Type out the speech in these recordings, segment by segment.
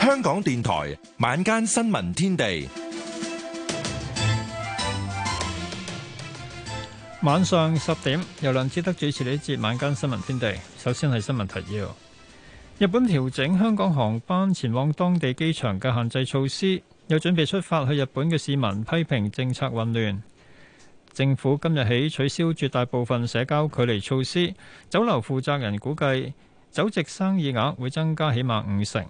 香港電台晚間新聞天地，晚上十點由梁志德主持呢節晚間新聞天地。首先係新聞提要：日本調整香港航班前往當地機場嘅限制措施。有準備出發去日本嘅市民批評政策混亂，政府今日起取消絕大部分社交距離措施。酒樓負責人估計酒席生意額會增加起碼五成。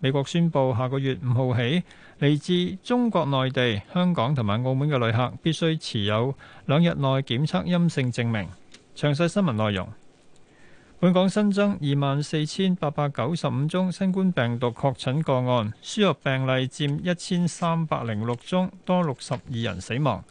美國宣布下個月五號起，嚟自中國內地、香港同埋澳門嘅旅客必須持有兩日內檢測陰性證明。詳細新聞內容。本港新增二萬四千八百九十五宗新冠病毒確診個案，輸入病例佔一千三百零六宗，多六十二人死亡。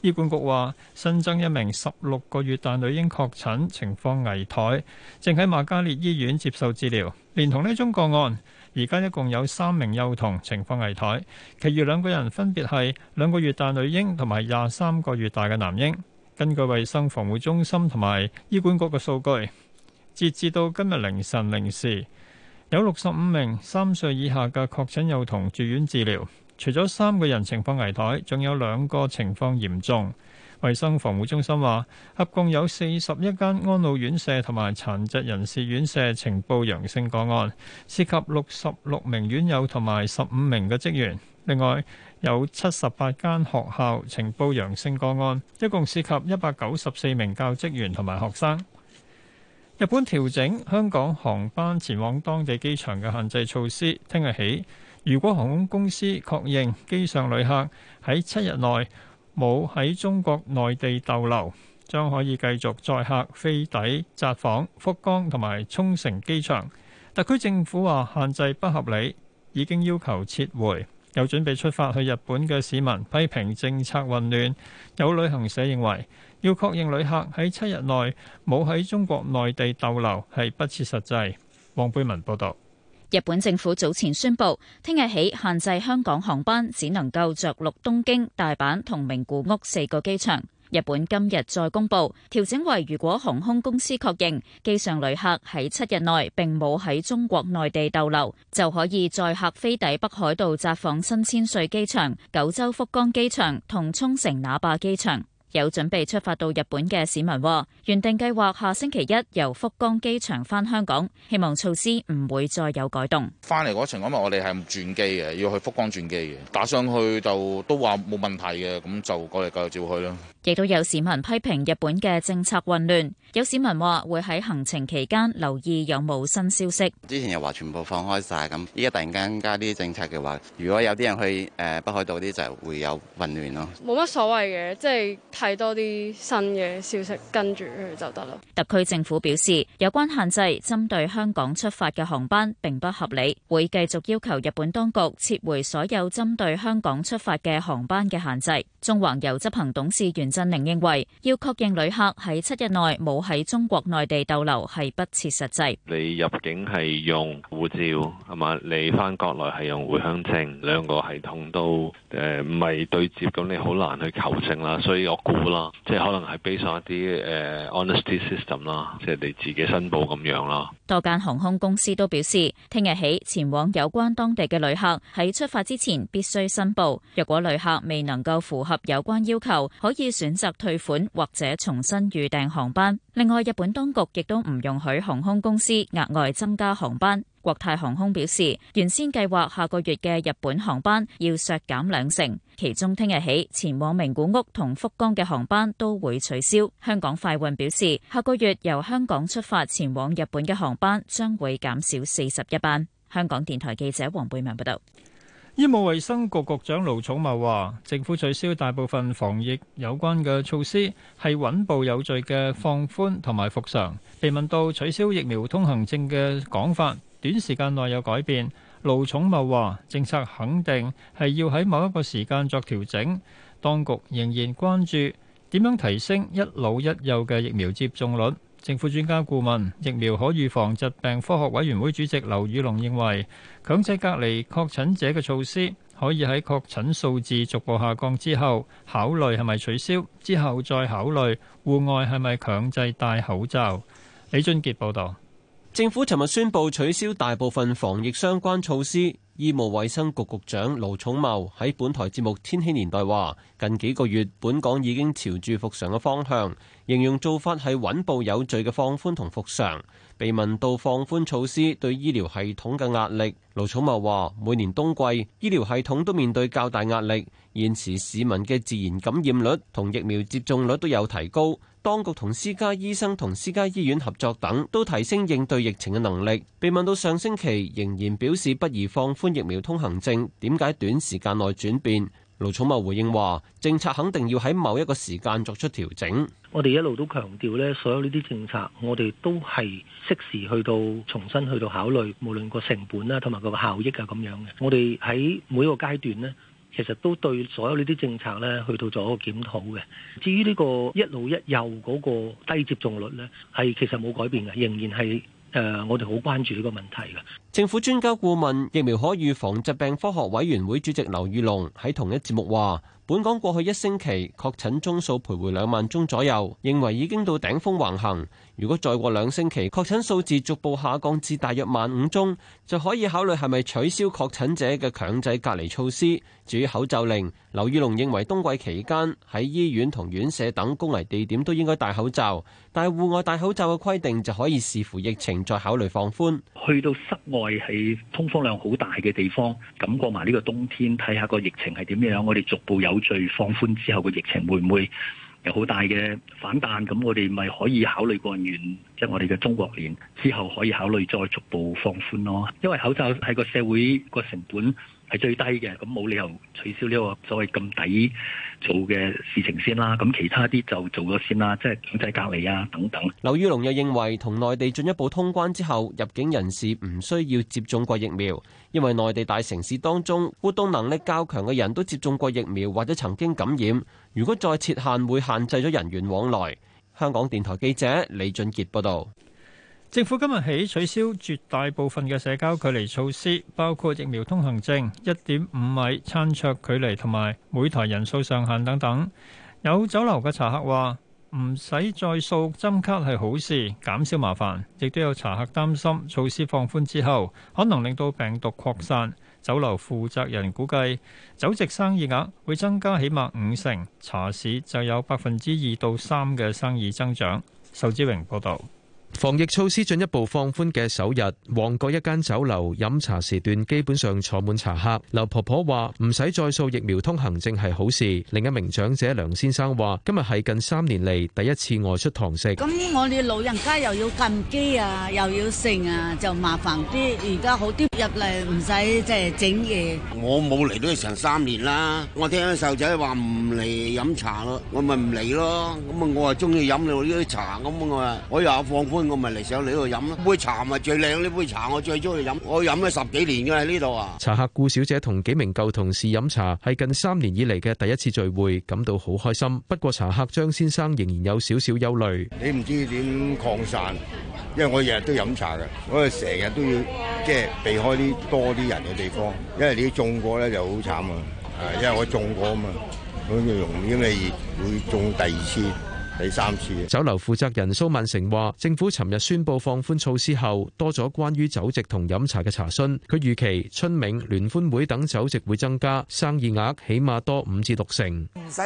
醫管局話新增一名十六個月大女嬰確診，情況危殆，正喺瑪嘉烈醫院接受治療，連同呢宗個案，而家一共有三名幼童情況危殆，其餘兩個人分別係兩個月大女嬰同埋廿三個月大嘅男嬰。根據衛生防護中心同埋醫管局嘅數據。截至到今日凌晨零時，有六十五名三歲以下嘅確診幼童住院治療，除咗三個人情況危殆，仲有兩個情況嚴重。衛生防護中心話，合共有四十一間安老院舍同埋殘疾人士院舍呈報陽性個案，涉及六十六名院友同埋十五名嘅職員。另外有七十八間學校呈報陽性個案，一共涉及一百九十四名教職員同埋學生。日本調整香港航班前往當地機場嘅限制措施，聽日起，如果航空公司確認機上旅客喺七日內冇喺中國內地逗留，將可以繼續載客飛抵札幌、福岡同埋沖繩機場。特區政府話限制不合理，已經要求撤回。有準備出發去日本嘅市民批評政策混亂，有旅行社認為。要確認旅客喺七日內冇喺中國內地逗留，係不切實際。黃貝文報導。日本政府早前宣布，聽日起限制香港航班，只能夠著陸東京、大阪同名古屋四個機場。日本今日再公布調整為，如果航空公司確認機上旅客喺七日內並冇喺中國內地逗留，就可以載客飛抵北海道札幌新千歲機場、九州福岡機場同沖繩那霸機場。有準備出發到日本嘅市民話：原定計劃下星期一由福岡機場翻香港，希望措施唔會再有改動。翻嚟嗰程咁啊，我哋係唔轉機嘅，要去福岡轉機嘅。打上去就都話冇問題嘅，咁就過嚟繼續照去咯。亦都有市民批評日本嘅政策混亂。有市民話會喺行程期間留意有冇新消息。之前又話全部放開曬咁，依家突然間加啲政策嘅話，如果有啲人去誒北海道啲就係會有混亂咯。冇乜所謂嘅，即係。睇多啲新嘅消息跟住佢就得啦。特區政府表示，有關限制針對香港出發嘅航班並不合理，會繼續要求日本當局撤回所有針對香港出發嘅航班嘅限制。中環遊執行董事袁振寧認為要確認旅客喺七日內冇喺中國內地逗留係不切實際，你入境係用護照係嘛？你翻國內係用回鄉證兩個系統都誒唔係對接咁，你好難去求證啦。所以我。估啦，即係可能係 base 上一啲誒 honesty system 啦，即係你自己申報咁樣啦。多間航空公司都表示，聽日起前往有關當地嘅旅客喺出發之前必須申報。若果旅客未能夠符合有關要求，可以選擇退款或者重新預訂航班。另外，日本當局亦都唔容許航空公司額外增加航班。國泰航空表示，原先計劃下個月嘅日本航班要削減兩成，其中聽日起前往名古屋同福岡嘅航班都會取消。香港快運表示，下個月由香港出發前往日本嘅航班將會減少四十一班。香港電台記者黃貝文報道。醫務衛生局局長盧寵茂話，政府取消大部分防疫有關嘅措施係穩步有序嘅放寬同埋復常。被問到取消疫苗通行證嘅講法，短時間內有改變，盧寵茂話政策肯定係要喺某一個時間作調整，當局仍然關注點樣提升一老一幼嘅疫苗接種率。政府專家顧問、疫苗可預防疾病科學委員會主席劉宇龍認為，強制隔離確診者嘅措施可以喺確診數字逐步下降之後考慮係咪取消，之後再考慮戶外係咪強制戴口罩。李俊傑報導。政府尋日宣布取消大部分防疫相關措施。醫務衛生局局長盧寵茂喺本台節目《天氣年代》話：近幾個月，本港已經朝住復常嘅方向，形容做法係穩步有序嘅放寬同復常。被問到放寬措施對醫療系統嘅壓力，盧寵茂話：每年冬季，醫療系統都面對較大壓力。現時市民嘅自然感染率同疫苗接種率都有提高。當局同私家醫生同私家醫院合作等，都提升應對疫情嘅能力。被問到上星期仍然表示不宜放寬疫苗通行證，點解短時間內轉變？盧寵茂回應話：政策肯定要喺某一個時間作出調整。我哋一路都強調呢，所有呢啲政策，我哋都係適時去到重新去到考慮，無論個成本啊，同埋個效益啊咁樣嘅。我哋喺每一個階段呢。其實都對所有呢啲政策咧，去到做一個檢討嘅。至於呢個一老一幼嗰個低接種率咧，係其實冇改變嘅，仍然係誒、呃、我哋好關注呢個問題嘅。政府專家顧問疫苗可預防疾病科學委員會主席劉宇龍喺同一節目話：本港過去一星期確診宗數徘徊兩萬宗左右，認為已經到頂峰橫行。如果再過兩星期確診數字逐步下降至大約萬五宗，就可以考慮係咪取消確診者嘅強制隔離措施。至於口罩令，劉宇龍認為冬季期間喺醫院同院舍等高危地點都應該戴口罩，但係戶外戴口罩嘅規定就可以視乎疫情再考慮放寬。去到失望。在係通風量好大嘅地方，咁過埋呢個冬天，睇下個疫情係點樣。我哋逐步有序放寬之後，個疫情，會唔會有好大嘅反彈？咁我哋咪可以考慮過完，即係我哋嘅中國年之後，可以考慮再逐步放寬咯。因為口罩係個社會個成本。係最低嘅，咁冇理由取消呢個所謂咁抵做嘅事情先啦。咁其他啲就做咗先啦，即係管制隔離啊等等。劉宇龍又認為，同內地進一步通關之後，入境人士唔需要接種過疫苗，因為內地大城市當中活動能力較強嘅人都接種過疫苗或者曾經感染。如果再設限，會限制咗人員往來。香港電台記者李俊傑報道。政府今日起取消絕大部分嘅社交距離措施，包括疫苗通行證、一點五米餐桌距離同埋每台人數上限等等。有酒樓嘅茶客話：唔使再掃針卡係好事，減少麻煩，亦都有茶客擔心措施放寬之後，可能令到病毒擴散。酒樓負責人估計酒席生意額會增加起碼五成，茶市就有百分之二到三嘅生意增長，仇志榮報道。防疫措施進一步放寬嘅首日，旺角一間酒樓飲茶時段基本上坐滿茶客。劉婆婆話：唔使再掃疫苗通行證係好事。另一名長者梁先生話：今日係近三年嚟第一次外出堂食。咁我哋老人家又要撳機啊，又要剩啊，就麻煩啲。而家好啲入嚟，唔使即係整嘢。我冇嚟都成三年啦，我聽啲細仔話唔嚟飲茶咯，我咪唔嚟咯。咁啊，我話中意飲呢啲茶咁啊，我又放寬。我咪嚟上你度飲咯，杯茶咪最靚呢杯茶，我最中意飲，我飲咗十幾年嘅喺呢度啊！茶客顧小姐同幾名舊同事飲茶，係近三年以嚟嘅第一次聚會，感到好開心。不過茶客張先生仍然有少少憂慮，你唔知點擴散，因為我日日都飲茶嘅，我成日都要即係避開啲多啲人嘅地方，因為你種過咧就好慘啊，因為我種過啊嘛，所以容易會種第二次。第三次，酒樓負責人蘇萬成話，政府尋日宣布放寬措施後，多咗關於酒席同飲茶嘅查詢。佢預期春茗、聯歡會等酒席會增加，生意額起碼多五至六成。唔使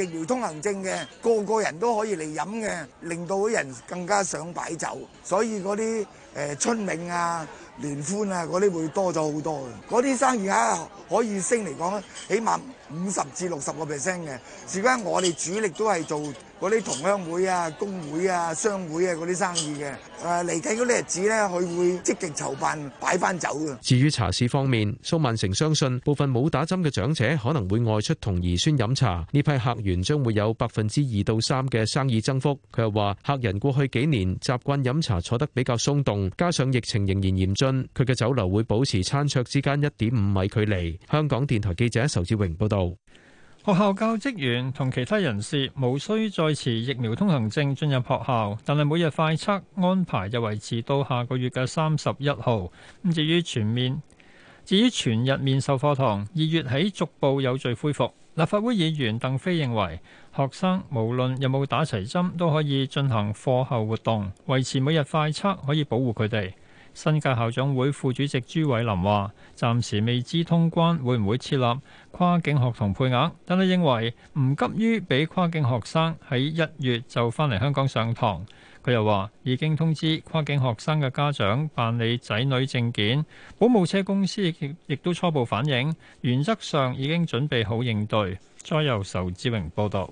疫苗通行證嘅，個個人都可以嚟飲嘅，令到啲人更加想擺酒，所以嗰啲誒春茗啊、聯歡啊嗰啲會多咗好多嘅。嗰啲生意額可以升嚟講咧，起碼，五十至六十個 percent 嘅，事關我哋主力都係做嗰啲同鄉會啊、工會啊、商會啊嗰啲生意嘅。誒嚟緊嗰啲日子咧，佢會積極籌辦擺翻酒㗎。至於茶市方面，蘇萬成相信部分冇打針嘅長者可能會外出同兒孫飲茶，呢批客源將會有百分之二到三嘅生意增幅。佢又話：客人過去幾年習慣飲茶坐得比較鬆動，加上疫情仍然嚴峻，佢嘅酒樓會保持餐桌之間一點五米距離。香港電台記者仇志榮報道。學校教職員同其他人士無需再持疫苗通行證進入學校，但係每日快測安排就維持到下個月嘅三十一號。咁至於全面至於全日面授課堂，二月起逐步有序恢復。立法會議員鄧飛認為，學生無論有冇打齊針都可以進行課後活動，維持每日快測可以保護佢哋。新界校長會副主席朱偉林話，暫時未知通關會唔會設立跨境學童配額，但係認為唔急於俾跨境學生喺一月就返嚟香港上堂。佢又話已經通知跨境學生嘅家長辦理仔女證件，保姆車公司亦亦都初步反映，原則上已經準備好應對。再由仇志榮報道。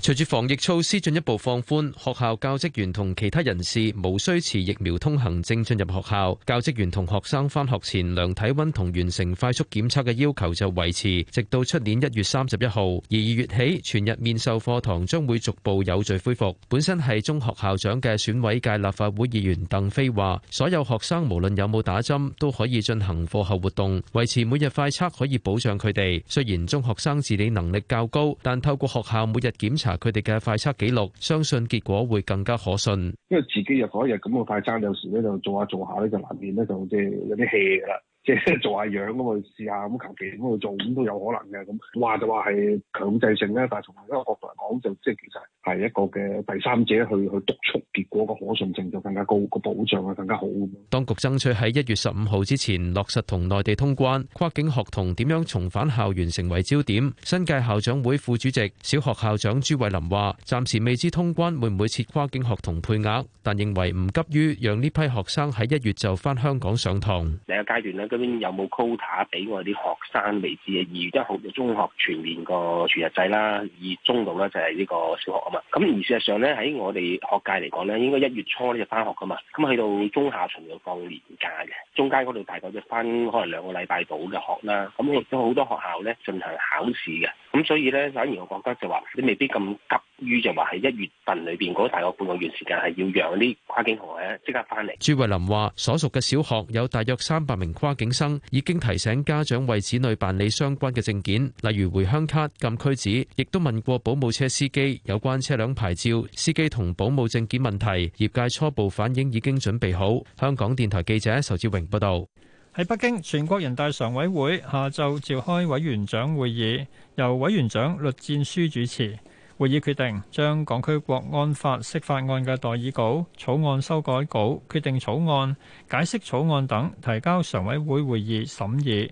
隨住防疫措施進一步放寬，學校教職員同其他人士無需持疫苗通行證進入學校。教職員同學生返學前量體溫同完成快速檢測嘅要求就維持，直到出年一月三十一號。而二月起，全日面授課堂將會逐步有序恢復。本身係中學校長嘅選委界立法會議員鄧飛話，所有學生無論有冇打針都可以進行課後活動，維持每日快測可以保障佢哋。雖然中學生自理能力較高，但透過學校每日檢查，佢哋嘅快測記錄，相信結果會更加可信。因為自己入嗰一日咁嘅快測，有時咧就做下做下咧就難免咧就即係有啲 hea 啦，即係做下樣咁去試下，咁求其咁去做，咁都有可能嘅。咁話就話係強制性咧，但係從另一個角度嚟講，就即係其實。係一個嘅第三者去去篤出結果嘅可信性就更加高，個保障啊更加好。當局爭取喺一月十五號之前落實同內地通關，跨境學童點樣重返校園成為焦點。新界校長會副主席、小學校長朱慧琳話：暫時未知通關會唔會設跨境學童配額，但認為唔急於讓呢批學生喺一月就返香港上堂。第一階段呢，咁有冇 quota 俾我哋啲學生，嚟自二月一號嘅中學全面個全日制啦，二月中度呢就係呢個小學。咁而事實上咧，喺我哋學界嚟講咧，應該一月初呢就返學㗎嘛，咁去到中下旬就放年假嘅，中間嗰度大概就返可能兩個禮拜到嘅學啦，咁亦都好多學校咧進行考試嘅。咁所以咧，反而我覺得就話你未必咁急於就話喺一月份裏邊嗰大個半個月時間係要讓啲跨境學生即刻翻嚟。朱慧琳話：所屬嘅小學有大約三百名跨境生，已經提醒家長為子女辦理相關嘅證件，例如回鄉卡、禁區紙，亦都問過保姆車司機有關車輛牌照、司機同保姆證件問題。業界初步反映已經準備好。香港電台記者仇志榮報導。喺北京，全國人大常委會下晝召開委員長會議，由委員長栗戰書主持。會議決定將《港區國安法》釋法案嘅代議稿、草案修改稿、決定草案、解釋草案等提交常委會會議審議。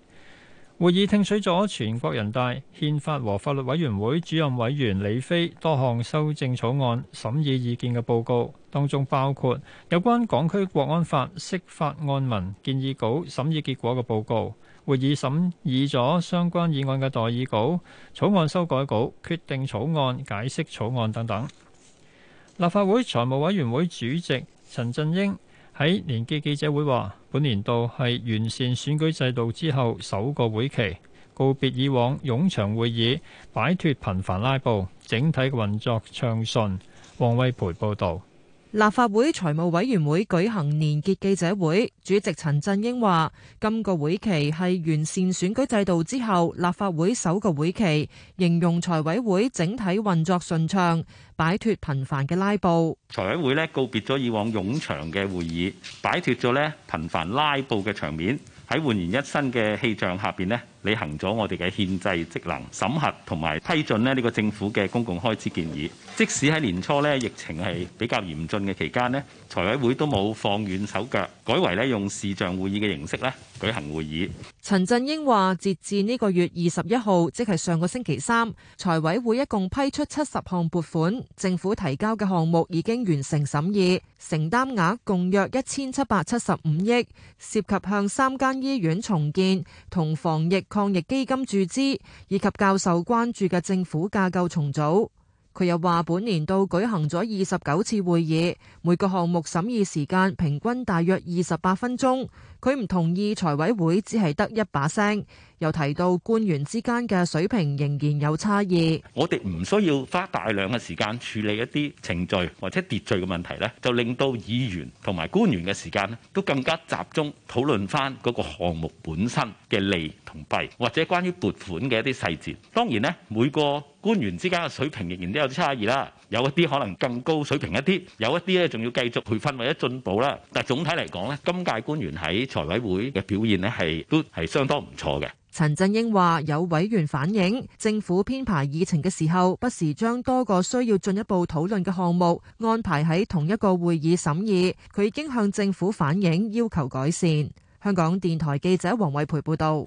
會議聽取咗全國人大憲法和法律委員會主任委員李飛多項修正草案審議意見嘅報告，當中包括有關港區國安法釋法案文建議稿審議結果嘅報告。會議審議咗相關議案嘅代議稿、草案修改稿、決定草案、解釋草案等等。立法會財務委員會主席陳振英。喺年結記者會話，本年度係完善選舉制度之後首個會期，告別以往冗長會議，擺脱頻繁拉布，整體嘅運作暢順。王威培報導。立法會財務委員會舉行年結記者會，主席陳振英話，今個會期係完善選舉制度之後立法會首個會期，形容財委會整體運作順暢，擺脫頻繁嘅拉布。財委會呢告別咗以往冗長嘅會議，擺脫咗呢頻繁拉布嘅場面，喺煥然一新嘅氣象下邊呢，履行咗我哋嘅憲制職能審核同埋批准咧呢個政府嘅公共開支建議，即使喺年初呢疫情係比較嚴峻嘅期間呢財委會都冇放軟手腳改為咧用視像會議嘅形式咧舉行會議。陳振英話截至呢個月二十一號即係上個星期三，財委會一共批出七十項撥款，政府提交嘅項目已經完成審議，承擔額共約一千七百七十五億，涉及向三間醫院重建同防疫。抗疫基金注資以及教授關注嘅政府架構重組，佢又話：本年度舉行咗二十九次會議，每個項目審議時間平均大約二十八分鐘。佢唔同意財委會只係得一把聲，又提到官員之間嘅水平仍然有差異，我哋唔需要花大量嘅時間處理一啲程序或者秩序嘅問題咧，就令到議員同埋官員嘅時間咧都更加集中討論翻嗰個項目本身嘅利同弊，或者關於撥款嘅一啲細節，當然咧，每個官員之間嘅水平仍然都有差異啦，有一啲可能更高水平一啲，有一啲咧仲要繼續培訓或者進步啦。但總體嚟講咧，今屆官員喺財委會嘅表現呢，係都係相當唔錯嘅。陳振英話：有委員反映，政府編排議程嘅時候，不時將多個需要進一步討論嘅項目安排喺同一個會議審議。佢已經向政府反映，要求改善。香港電台記者黃偉培報導。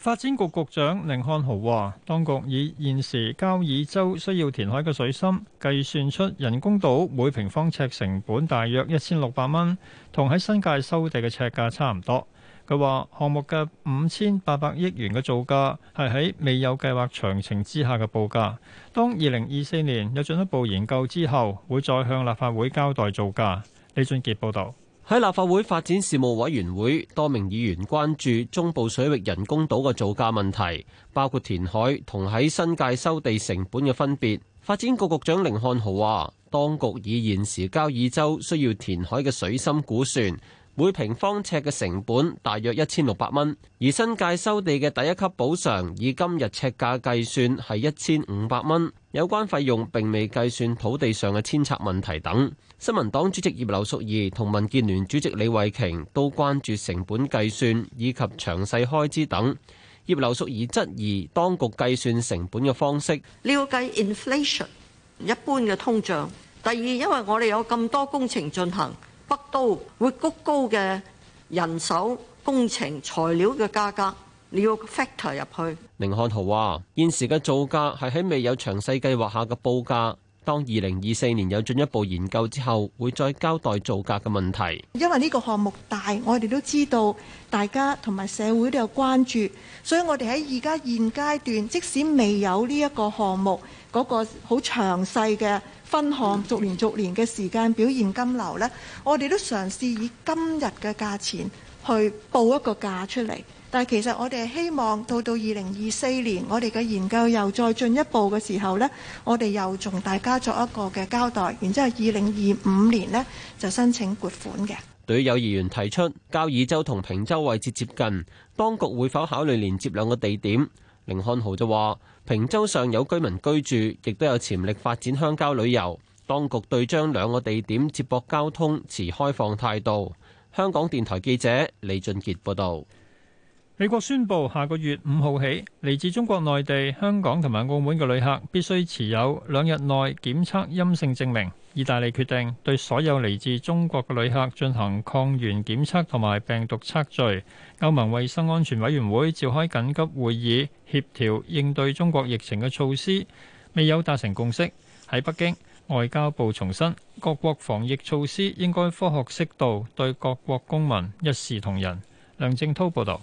發展局局長甯漢豪話，當局以現時交椅洲需要填海嘅水深計算出人工島每平方尺成本大約一千六百蚊，同喺新界收地嘅尺價差唔多。佢話項目嘅五千八百億元嘅造價係喺未有計劃詳情之下嘅報價，當二零二四年有進一步研究之後，會再向立法會交代造價。李俊傑報導。喺立法會發展事務委員會，多名議員關注中部水域人工島嘅造價問題，包括填海同喺新界收地成本嘅分別。發展局局長甯漢豪話，當局以現時交椅洲需要填海嘅水深估算。每平方尺嘅成本大約一千六百蚊，而新界收地嘅第一級補償以今日尺價計算係一千五百蚊。有關費用並未計算土地上嘅遷拆問題等。新聞黨主席葉劉淑儀同民建聯主席李慧瓊都關注成本計算以及詳細開支等。葉劉淑儀質疑當局計算成本嘅方式，呢個計 inflation 一般嘅通脹。第二，因為我哋有咁多工程進行。北都會谷高嘅人手、工程、材料嘅價格，你要 factor 入去。凌漢豪話：現時嘅造價係喺未有詳細計劃下嘅報價。當二零二四年有進一步研究之後，會再交代造價嘅問題。因為呢個項目大，我哋都知道大家同埋社會都有關注，所以我哋喺而家現階段，即使未有呢一個項目嗰個好詳細嘅分項、逐年逐年嘅時間表現金流呢，我哋都嘗試以今日嘅價錢去報一個價出嚟。但係其實我哋希望到到二零二四年，我哋嘅研究又再進一步嘅時候呢，我哋又同大家作一個嘅交代，然之後二零二五年呢，就申請撥款嘅。對於有議員提出，交椅洲同坪洲位置接近，當局會否考慮連接兩個地點？甯漢豪就話：坪洲上有居民居住，亦都有潛力發展鄉郊旅遊。當局對將兩個地點接駁交通持開放態度。香港電台記者李俊傑報道。美國宣布下個月五號起，嚟自中國內地、香港同埋澳門嘅旅客必須持有兩日內檢測陰性證明。意大利決定對所有嚟自中國嘅旅客進行抗原檢測同埋病毒測序。歐盟衛生安全委員會召開緊急會議，協調應對中國疫情嘅措施，未有達成共識。喺北京，外交部重申，各國防疫措施應該科學適度，對各國公民一視同仁。梁正滔報導。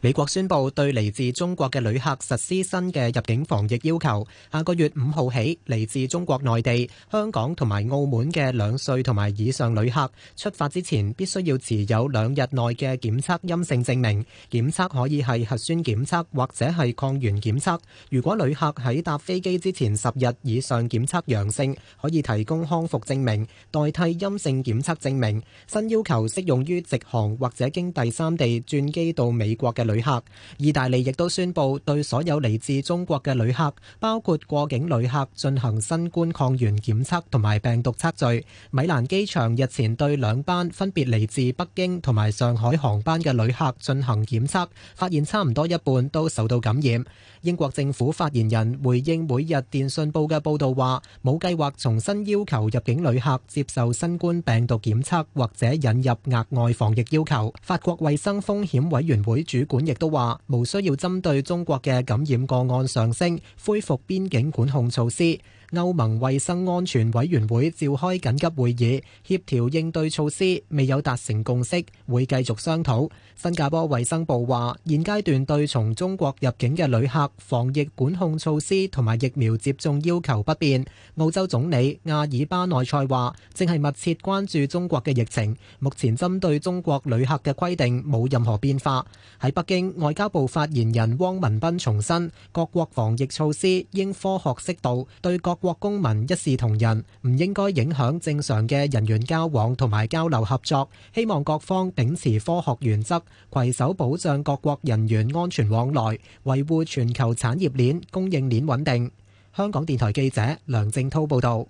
美國宣布對嚟自中國嘅旅客實施新嘅入境防疫要求。下個月五號起，嚟自中國內地、香港同埋澳門嘅兩歲同埋以上旅客出發之前必須要持有兩日內嘅檢測陰性證明。檢測可以係核酸檢測或者係抗原檢測。如果旅客喺搭飛機之前十日以上檢測陽性，可以提供康復證明代替陰性檢測證明。新要求適用於直航或者經第三地轉機到美國嘅旅客，意大利亦都宣布對所有嚟自中國嘅旅客，包括過境旅客，進行新冠抗原檢測同埋病毒測序。米蘭機場日前對兩班分別嚟自北京同埋上海航班嘅旅客進行檢測，發現差唔多一半都受到感染。英國政府發言人回應每日電訊報嘅報導話，冇計劃重新要求入境旅客接受新冠病毒檢測或者引入額外防疫要求。法國衛生風險委員會主管亦都話，無需要針對中國嘅感染個案上升，恢復邊境管控措施。歐盟衛生安全委員會召開緊急會議，協調應對措施，未有達成共識，會繼續商討。新加坡衛生部話：現階段對從中國入境嘅旅客，防疫管控措施同埋疫苗接種要求不變。澳洲總理亞爾巴內塞話：正係密切關注中國嘅疫情，目前針對中國旅客嘅規定冇任何變化。喺北京，外交部發言人汪文斌重申：各國防疫措施應科學適度，對各國公民一視同仁，唔應該影響正常嘅人員交往同埋交流合作。希望各方秉持科學原則，攜手保障各國人員安全往來，維護全球產業鏈、供應鏈穩定。香港電台記者梁正濤報道。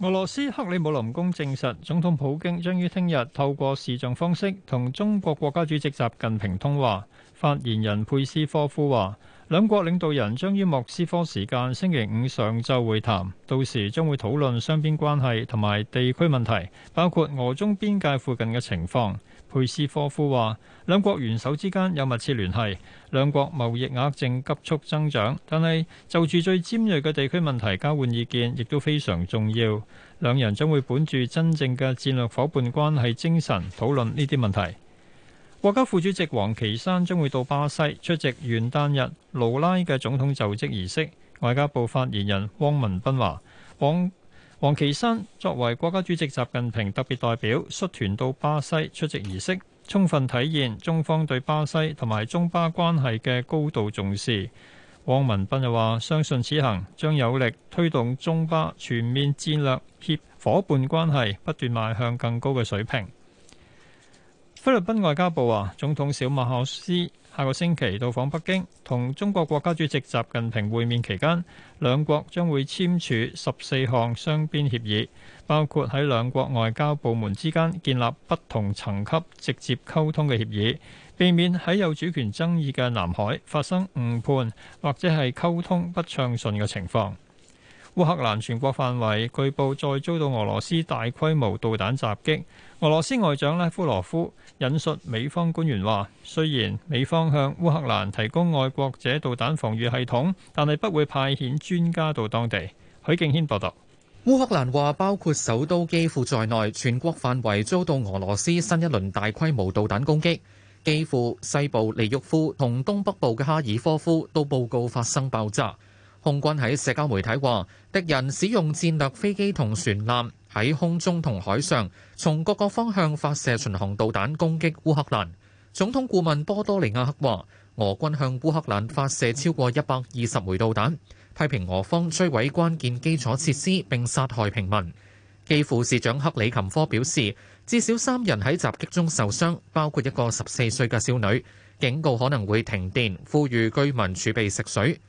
俄羅斯克里姆林宮證實，總統普京將於聽日透過視像方式同中國國家主席習近平通話。發言人佩斯科夫話。兩國領導人將於莫斯科時間星期五上晝會談，到時將會討論雙邊關係同埋地區問題，包括俄中邊界附近嘅情況。佩斯科夫話：兩國元首之間有密切聯繫，兩國貿易額正急速增長，但係就住最尖銳嘅地區問題交換意見，亦都非常重要。兩人將會本住真正嘅戰略伙伴關係精神討論呢啲問題。國家副主席王岐山將會到巴西出席元旦日盧拉嘅總統就職儀式。外交部發言人汪文斌話，王王岐山作為國家主席習近平特別代表，率團到巴西出席儀式，充分體現中方對巴西同埋中巴關係嘅高度重視。汪文斌又話，相信此行將有力推動中巴全面戰略協伙伴關係不斷邁向更高嘅水平。菲律賓外交部啊，總統小馬哈斯下個星期到訪北京，同中國國家主席習近平會面期間，兩國將會簽署十四項雙邊協議，包括喺兩國外交部門之間建立不同層級直接溝通嘅協議，避免喺有主權爭議嘅南海發生誤判或者係溝通不暢順嘅情況。烏克蘭全國範圍據報再遭到俄羅斯大規模導彈襲擊。俄羅斯外長拉夫羅夫引述美方官員話：雖然美方向烏克蘭提供愛國者導彈防御系統，但係不會派遣專家到當地。許敬軒報道。烏克蘭話，包括首都基輔在內，全國範圍遭到俄羅斯新一輪大規模導彈攻擊。基輔、西部利沃夫同東北部嘅哈爾科夫都報告發生爆炸。空軍喺社交媒體話，敵人使用戰略飛機同船艦喺空中同海上，從各個方向發射巡航導彈攻擊烏克蘭。總統顧問波多利亞克話，俄軍向烏克蘭發射超過一百二十枚導彈，批評俄方摧毀關鍵基礎設施並殺害平民。基輔市長克里琴科表示，至少三人喺襲擊中受傷，包括一個十四歲嘅少女，警告可能會停電，呼籲居民儲備食水。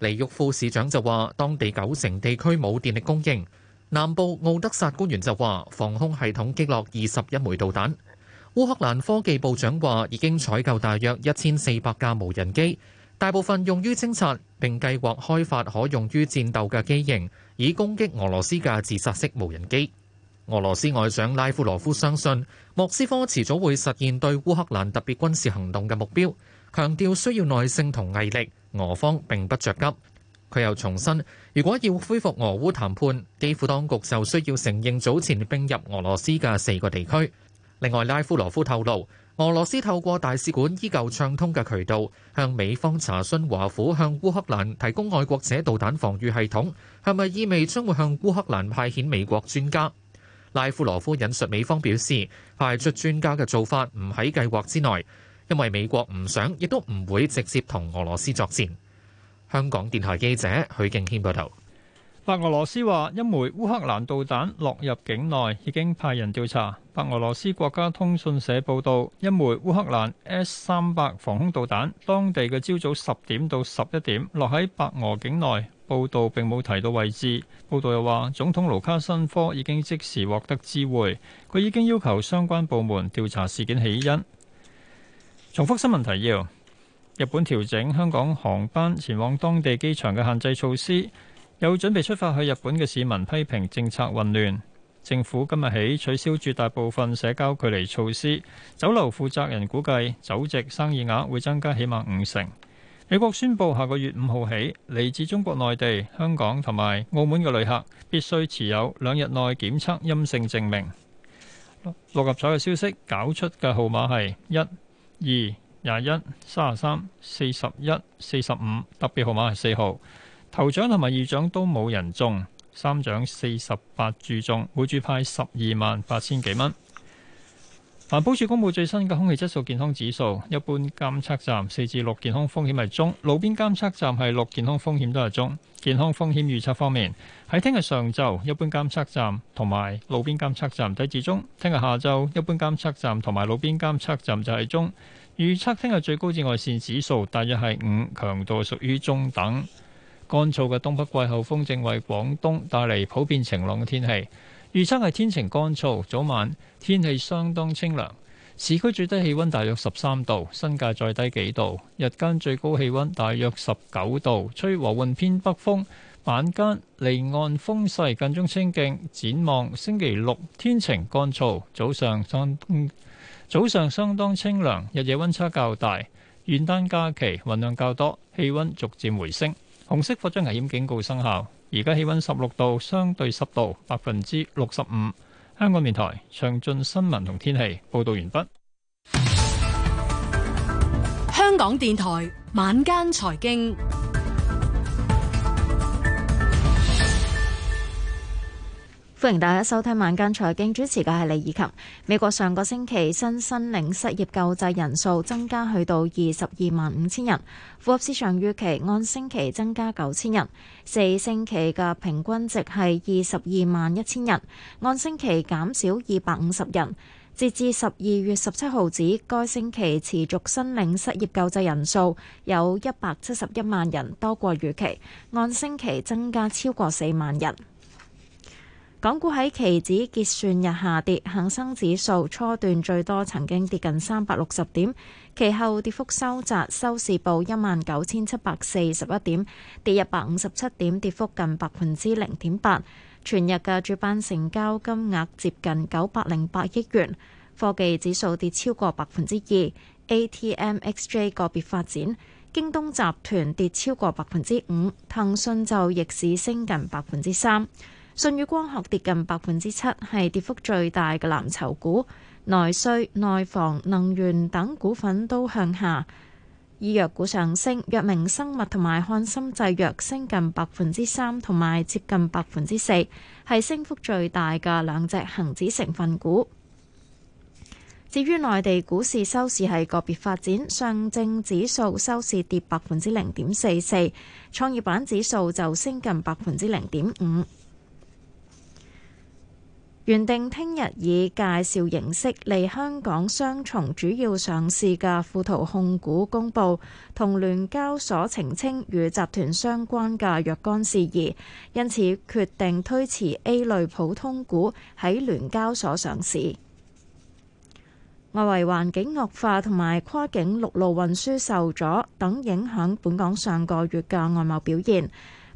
尼玉副市長就話：當地九成地區冇電力供應。南部奧德薩官員就話：防空系統擊落二十一枚導彈。烏克蘭科技部長話：已經採購大約一千四百架無人機，大部分用於偵察，並計劃開發可用於戰鬥嘅機型，以攻擊俄羅斯嘅自殺式無人機。俄羅斯外長拉夫羅夫相信莫斯科遲早會實現對烏克蘭特別軍事行動嘅目標，強調需要耐性同毅力。俄方並不着急，佢又重申，如果要恢復俄烏談判，基輔當局就需要承認早前並入俄羅斯嘅四個地區。另外，拉夫羅夫透露，俄羅斯透過大使館依舊暢通嘅渠道向美方查詢華府向烏克蘭提供愛國者導彈防禦系統，係咪意味將會向烏克蘭派遣美國專家。拉夫羅夫引述美方表示，派出專家嘅做法唔喺計劃之內。因為美國唔想，亦都唔會直接同俄羅斯作戰。香港電台記者許敬軒報道：白俄羅斯話，一枚烏克蘭導彈落入境內，已經派人調查。白俄羅斯國家通訊社報道，一枚烏克蘭 S 三百防空導彈，當地嘅朝早十點到十一點落喺白俄境內。報道並冇提到位置。報道又話，總統盧卡申科已經即時獲得知會，佢已經要求相關部門調查事件起因。重複新聞提要：日本調整香港航班前往當地機場嘅限制措施，有準備出發去日本嘅市民批評政策混亂。政府今日起取消絕大部分社交距離措施。酒樓負責人估計酒席生意額會增加起碼五成。美國宣布下個月五號起，嚟自中國內地、香港同埋澳門嘅旅客必須持有兩日內檢測陰性證明。六合彩嘅消息，搞出嘅號碼係一、二、廿一、三十三、四十一、四十五，特別號碼係四號。頭獎同埋二獎都冇人中，三獎四十八注中，每注派十二萬八千幾蚊。環保署公布最新嘅空氣質素健康指數，一般監測站四至六，健康風險係中；路邊監測站係六，健康風險都係中。健康風險預測方面，喺聽日上晝，一般監測站同埋路邊監測站低至中；聽日下晝，一般監測站同埋路邊監測站就係中。預測聽日最高紫外線指數大約係五，強度屬於中等。乾燥嘅東北季候風正為廣東帶嚟普遍晴朗嘅天氣。預測係天晴乾燥，早晚天氣相當清涼，市區最低氣溫大約十三度，新界再低幾度，日間最高氣溫大約十九度，吹和緩偏北風，晚間離岸風勢間中清勁。展望星期六天晴乾燥，早上相早上相當清涼，日夜溫差較大。元旦假期雲量較多，氣溫逐漸回升，紅色火災危險警告生效。而家氣溫十六度，相對濕度百分之六十五。香港電台詳盡新聞同天氣報道完畢。香港電台晚間財經。歡迎大家收聽晚間財經，主持嘅係李以琴。美國上個星期新申領失業救濟人數增加去到二十二萬五千人，符合市場預期，按星期增加九千人，四星期嘅平均值係二十二萬一千人，按星期減少二百五十人。截至十二月十七號止，該星期持續申領失業救濟人數有一百七十一萬人，多過預期，按星期增加超過四萬人。港股喺期指結算日下跌，恒生指數初段最多曾經跌近三百六十點，其後跌幅收窄，收市報一萬九千七百四十一點，跌一百五十七點，跌幅近百分之零點八。全日嘅主板成交金額接近九百零八億元。科技指數跌超過百分之二，A T M X J 個別發展，京東集團跌超過百分之五，騰訊就逆市升近百分之三。舜宇光學跌近百分之七，係跌幅最大嘅藍籌股。內需、內房、能源等股份都向下。醫藥股上升，藥明生物同埋翰森製藥升近百分之三，同埋接近百分之四，係升幅最大嘅兩隻恒指成分股。至於內地股市收市係個別發展，上證指數收市跌百分之零點四四，創業板指數就升近百分之零點五。原定聽日以介紹形式嚟香港雙重主要上市嘅富途控股，公佈同聯交所澄清與集團相關嘅若干事宜，因此決定推遲 A 類普通股喺聯交所上市。外圍環境惡化同埋跨境陸路運輸受阻等影響，本港上個月嘅外貿表現。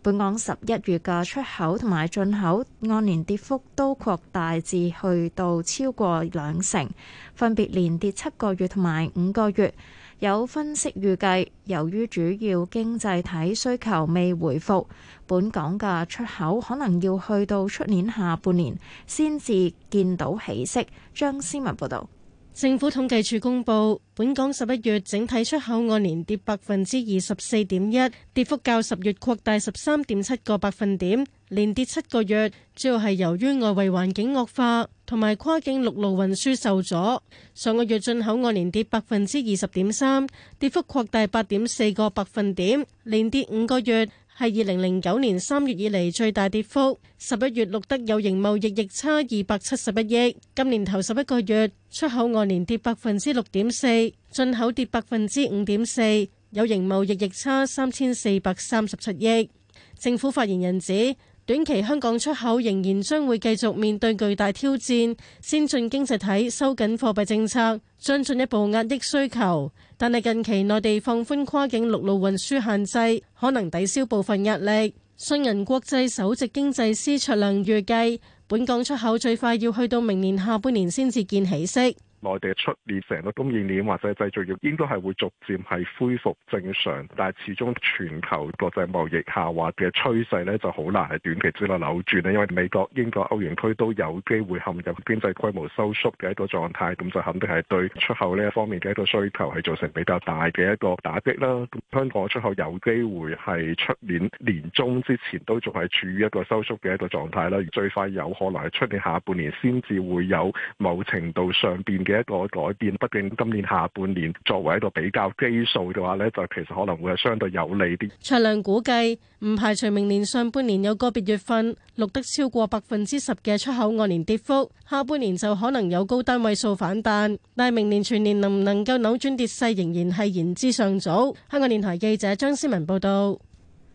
本港十一月嘅出口同埋進口按年跌幅都擴大至去到超過兩成，分別連跌七個月同埋五個月。有分析預計，由於主要經濟體需求未回復，本港嘅出口可能要去到出年下半年先至見到起色。張思文報道。政府統計處公布，本港十一月整體出口按年跌百分之二十四點一，跌幅較十月擴大十三點七個百分點，連跌七個月，主要係由於外圍環境惡化同埋跨境陸路運輸受阻。上個月進口按年跌百分之二十點三，跌幅擴大八點四個百分點，連跌五個月。係二零零九年三月以嚟，最大跌幅。十一月錄得有形貿易逆差二百七十一億。今年頭十一個月，出口按年跌百分之六點四，進口跌百分之五點四，有形貿易逆差三千四百三十七億。政府發言人指，短期香港出口仍然將會繼續面對巨大挑戰，先進經濟體收緊貨幣政策將進一步壓抑需求，但係近期內地放寬跨境陸路運輸限制，可能抵消部分壓力。信銀國際首席經濟師卓亮預計，本港出口最快要去到明年下半年先至見起色。內地出年成個供應鏈或者製造業應該係會逐漸係恢復正常，但係始終全球國際貿易下滑嘅趨勢咧就好難係短期之內扭轉咧，因為美國、英國、歐元區都有機會陷入經濟規模收縮嘅一個狀態，咁就肯定係對出口呢方面嘅一個需求係造成比較大嘅一個打擊啦。香港出口有機會係出年年中之前都仲係處於一個收縮嘅一個狀態啦，而最快有可能係出年下半年先至會有某程度上邊嘅嘅一個改變，畢竟今年下半年作為一個比較基數嘅話咧，就其實可能會係相對有利啲。卓量估計唔排除明年上半年有個別月份錄得超過百分之十嘅出口按年跌幅，下半年就可能有高單位數反彈，但係明年全年能唔能夠扭轉跌勢，仍然係言之尚早。香港電台記者張思文報道。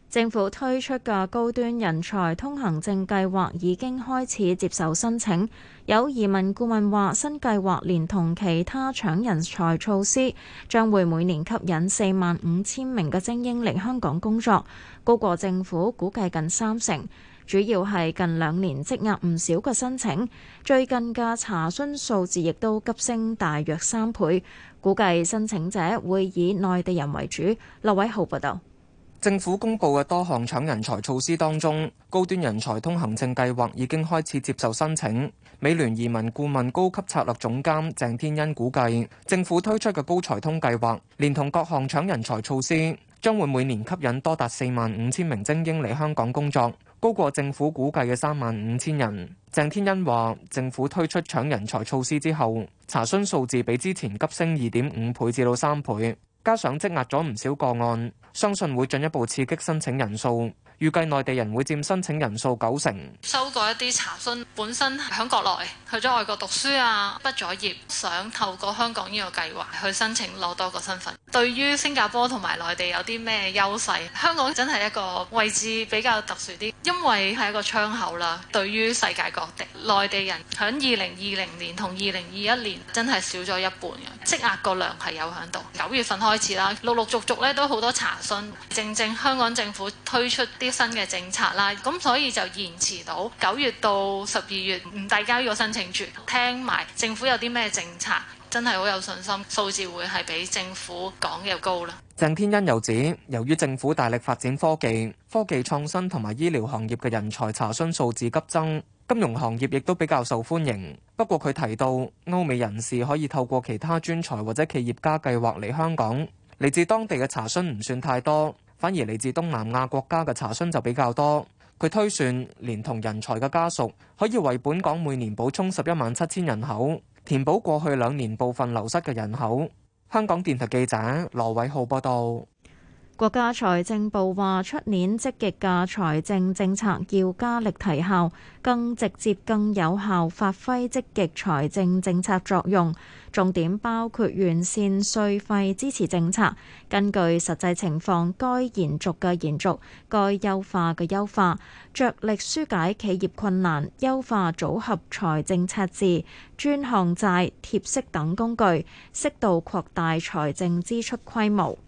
政府推出嘅高端人才通行證計劃已經開始接受申請，有移民顧問話新計劃連同其他搶人才措施，將會每年吸引四萬五千名嘅精英嚟香港工作，高過政府估計近三成。主要係近兩年積壓唔少嘅申請，最近嘅查詢數字亦都急升大約三倍，估計申請者會以內地人為主。劉偉浩報道。政府公布嘅多項搶人才措施當中，高端人才通行證計劃已經開始接受申請，美聯移民顧問高級策略總監鄭天恩估計政府推出嘅高才通計劃連同各項搶人才措施，將會每年吸引多達四萬五千名精英嚟香港工作，高過政府估計嘅三萬五千人。鄭天恩話政府推出搶人才措施之後查詢數字比之前急升二點五倍至到三倍，加上積壓咗唔少個案。相信會進一步刺激申請人數，預計內地人會佔申請人數九成。收過一啲查詢，本身喺國內去咗外國讀書啊，畢咗業想透過香港呢個計劃去申請攞多個身份。對於新加坡同埋內地有啲咩優勢？香港真係一個位置比較特殊啲，因為係一個窗口啦。對於世界各地內地人喺二零二零年同二零二一年真係少咗一半嘅積壓個量係有喺度。九月份開始啦，陸陸續續咧都好多查。信正正香港政府推出啲新嘅政策啦，咁所以就延遲到九月到十二月唔遞交呢個申請住，聽埋政府有啲咩政策，真係好有信心，數字會係比政府講嘅高啦。鄭天恩又指，由於政府大力發展科技、科技創新同埋醫療行業嘅人才查詢數字急增，金融行業亦都比較受歡迎。不過，佢提到，歐美人士可以透過其他專才或者企業家計劃嚟香港。嚟自當地嘅查詢唔算太多，反而嚟自東南亞國家嘅查詢就比較多。佢推算，連同人才嘅家屬，可以為本港每年補充十一萬七千人口，填補過去兩年部分流失嘅人口。香港電台記者羅偉浩報道。國家財政部話，出年積極嘅財政政策要加力提效，更直接、更有效發揮積極財政政策作用。重點包括完善稅費支持政策，根據實際情況該延續嘅延續，該優化嘅優化，着力疏解企業困難，優化組合財政赤字、專項債、貼息等工具，適度擴大財政支出規模。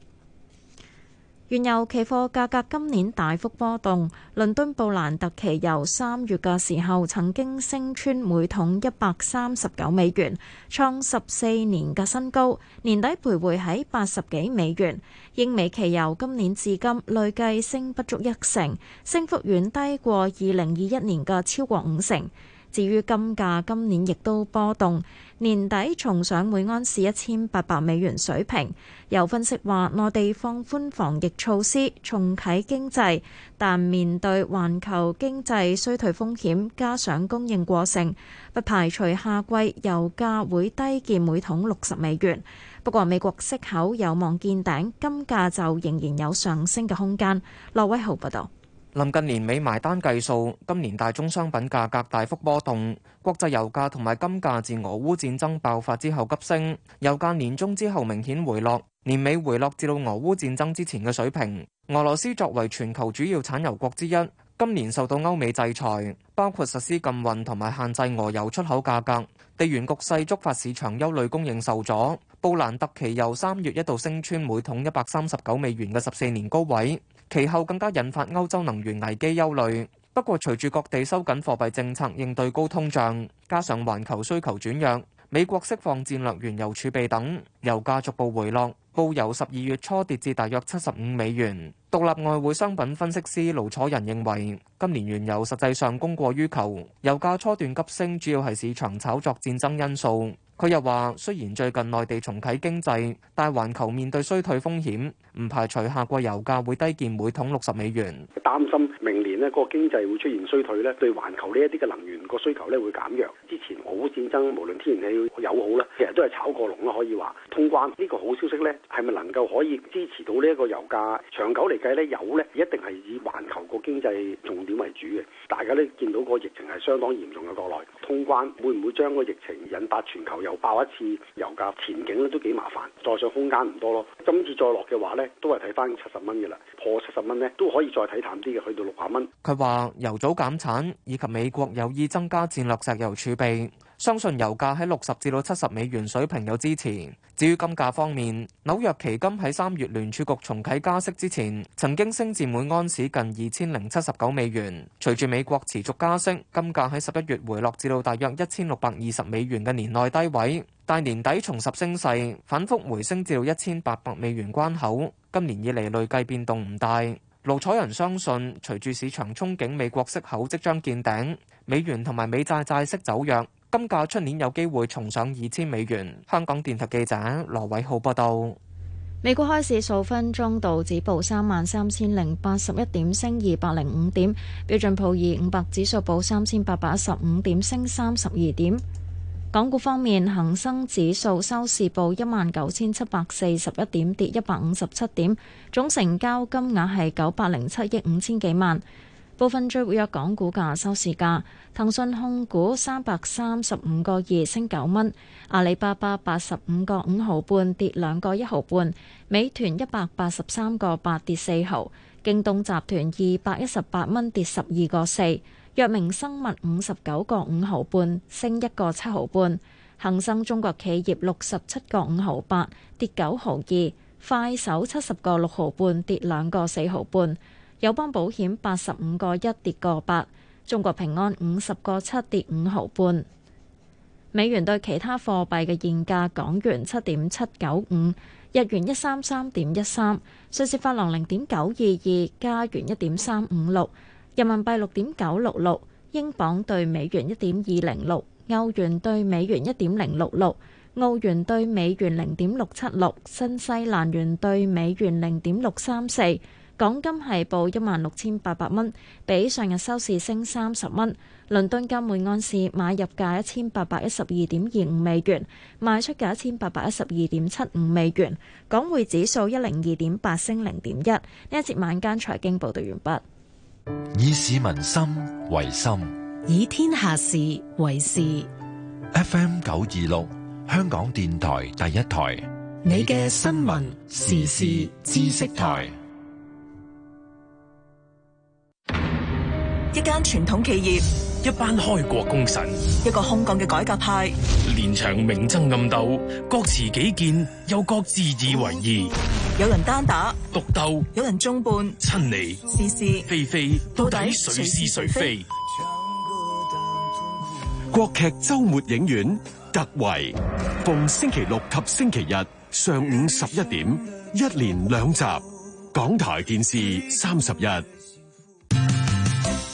原油期貨價格今年大幅波動，倫敦布蘭特期油三月嘅時候曾經升穿每桶一百三十九美元，創十四年嘅新高。年底徘徊喺八十幾美元。英美期油今年至今累計升不足一成，升幅遠低過二零二一年嘅超過五成。至於金價今年亦都波動。年底重上每安士一千八百美元水平。有分析話，內地放寬防疫措施，重啟經濟，但面對環球經濟衰退風險，加上供應過剩，不排除夏季油價會低見每桶六十美元。不過，美國息口有望見頂，金價就仍然有上升嘅空間。羅威豪報道。臨近年尾埋單計數，今年大宗商品價格大幅波動，國際油價同埋金價自俄烏戰爭爆發之後急升，油價年中之後明顯回落，年尾回落至到俄烏戰爭之前嘅水平。俄羅斯作為全球主要產油國之一，今年受到歐美制裁，包括實施禁運同埋限制俄油出口價格，地緣局勢觸發市場憂慮，供應受阻，布蘭特期油三月一度升穿每桶一百三十九美元嘅十四年高位。其後更加引發歐洲能源危機憂慮。不過，隨住各地收緊貨幣政策應對高通脹，加上環球需求轉弱、美國釋放戰略原油儲備等，油價逐步回落，布油十二月初跌至大約七十五美元。獨立外匯商品分析師盧楚仁認為，今年原油實際上供過於求，油價初段急升主要係市場炒作戰爭因素。佢又話：雖然最近內地重啟經濟，但係環球面對衰退風險，唔排除下季油價會低見每桶六十美元。擔心明年呢個經濟會出現衰退咧，對環球呢一啲嘅能源個需求咧會減弱。之前俄烏戰爭，無論天然氣友好啦，其實都係炒過龍啦，可以話通關。呢個好消息呢，係咪能夠可以支持到呢一個油價長久嚟？計咧，油咧一定係以環球個經濟重點為主嘅。大家都見到個疫情係相當嚴重嘅，國內通關，會唔會將個疫情引發全球又爆一次？油價前景都幾麻煩，再上空間唔多咯。今次再落嘅話咧，都係睇翻七十蚊嘅啦，破七十蚊咧都可以再睇淡啲嘅，去到六百蚊。佢話油早減產以及美國有意增加戰略石油儲備。相信油價喺六十至到七十美元水平有支持。至於金價方面，紐約期金喺三月聯儲局重啟加息之前，曾經升至每安士近二千零七十九美元。隨住美國持續加息，金價喺十一月回落至到大約一千六百二十美元嘅年內低位，但年底重拾升勢，反复回升至到一千八百美元關口。今年以嚟累計變動唔大。盧彩仁相信，隨住市場憧憬美國息口即將見頂，美元同埋美債債息走弱，金價出年有機會重上二千美元。香港電台記者羅偉浩報道。美國開市數分鐘道指報三萬三千零八十一點升二百零五點，標準普爾500指數報三千八百一十五點升三十二點。港股方面，恒生指數收市報一萬九千七百四十一點跌一百五十七點，總成交金額係九百零七億五千幾萬。部分最活躍港股價收市價：騰訊控股三百三十五個二升九蚊，阿里巴巴八十五個五毫半跌兩個一毫半，美團一百八十三個八跌四毫，京東集團二百一十八蚊跌十二個四，藥明生物五十九個五毫半升一個七毫半，恒生中國企業六十七個五毫八跌九毫二，快手七十個六毫半跌兩個四毫半。友邦保險八十五個一跌個八，中國平安五十個七跌五毫半。美元對其他貨幣嘅現價：港元七點七九五，日元一三三點一三，瑞士法郎零點九二二，加元一點三五六，人民幣六點九六六，英鎊對美元一點二零六，歐元對美元一點零六六，澳元對美元零點六七六，新西蘭元對美元零點六三四。港金係報一萬六千八百蚊，比上日收市升三十蚊。倫敦金每安士買入價一千八百一十二點二五美元，賣出價一千八百一十二點七五美元。港匯指數一零二點八升零點一。呢一節晚間財經報道完畢。以市民心為心，以天下事為事。FM 九二六香港電台第一台，你嘅新聞時事知識台。一間傳統企業，一班開國功臣，一個空降嘅改革派，連場明爭暗鬥，各持己見，又各自以為意。有人單打獨鬥，有人眾叛親離，是是非非，到底誰是誰非？國劇周末影院特惠，逢星期六及星期日上午十一點，一連兩集，港台電視三十日。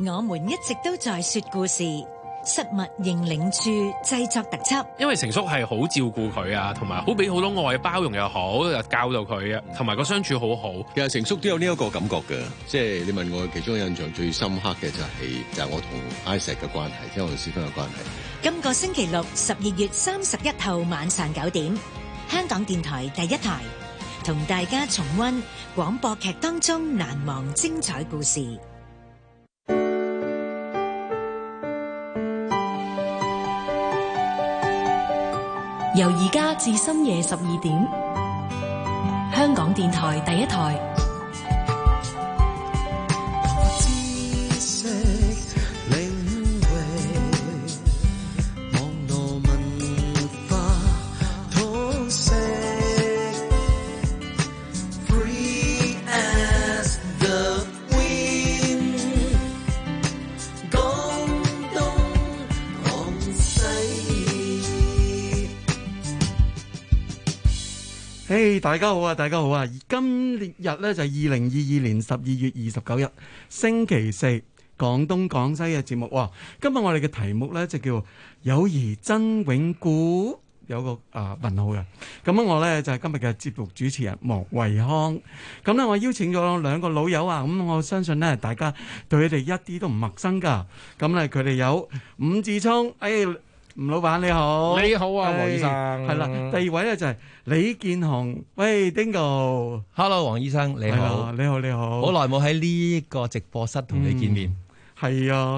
我們一直都在說故事，失物認領處製作特輯。因為成叔係好照顧佢啊，同埋好俾好多愛包容又好，又教到佢啊，同埋個相處好好。其實成叔都有呢一個感覺㗎，即係你問我，其中印象最深刻嘅就係就係我同 Isaac 嘅關係，即係我同小芬嘅關係。今個星期六十二月三十一號晚上九點，香港電台第一台同大家重溫廣播劇當中難忘精彩故事。由而家至深夜十二點，香港電台第一台。大家好啊！大家好啊！今日咧就係二零二二年十二月二十九日，星期四，廣東廣西嘅節目。喎，今日我哋嘅題目咧就叫友誼真永固，有個啊問、呃、號嘅。咁、嗯、我咧就係、是、今日嘅節目主持人莫維康。咁、嗯、咧我邀請咗兩個老友啊，咁、嗯、我相信咧大家對佢哋一啲都唔陌生噶。咁咧佢哋有伍志聰，誒、哎。吳老闆你好，你好啊，黃醫生，係啦，第二位咧就係李建雄，喂，Dingo，Hello，黃醫生你好，你好你好，好耐冇喺呢個直播室同你見面，係、嗯、啊。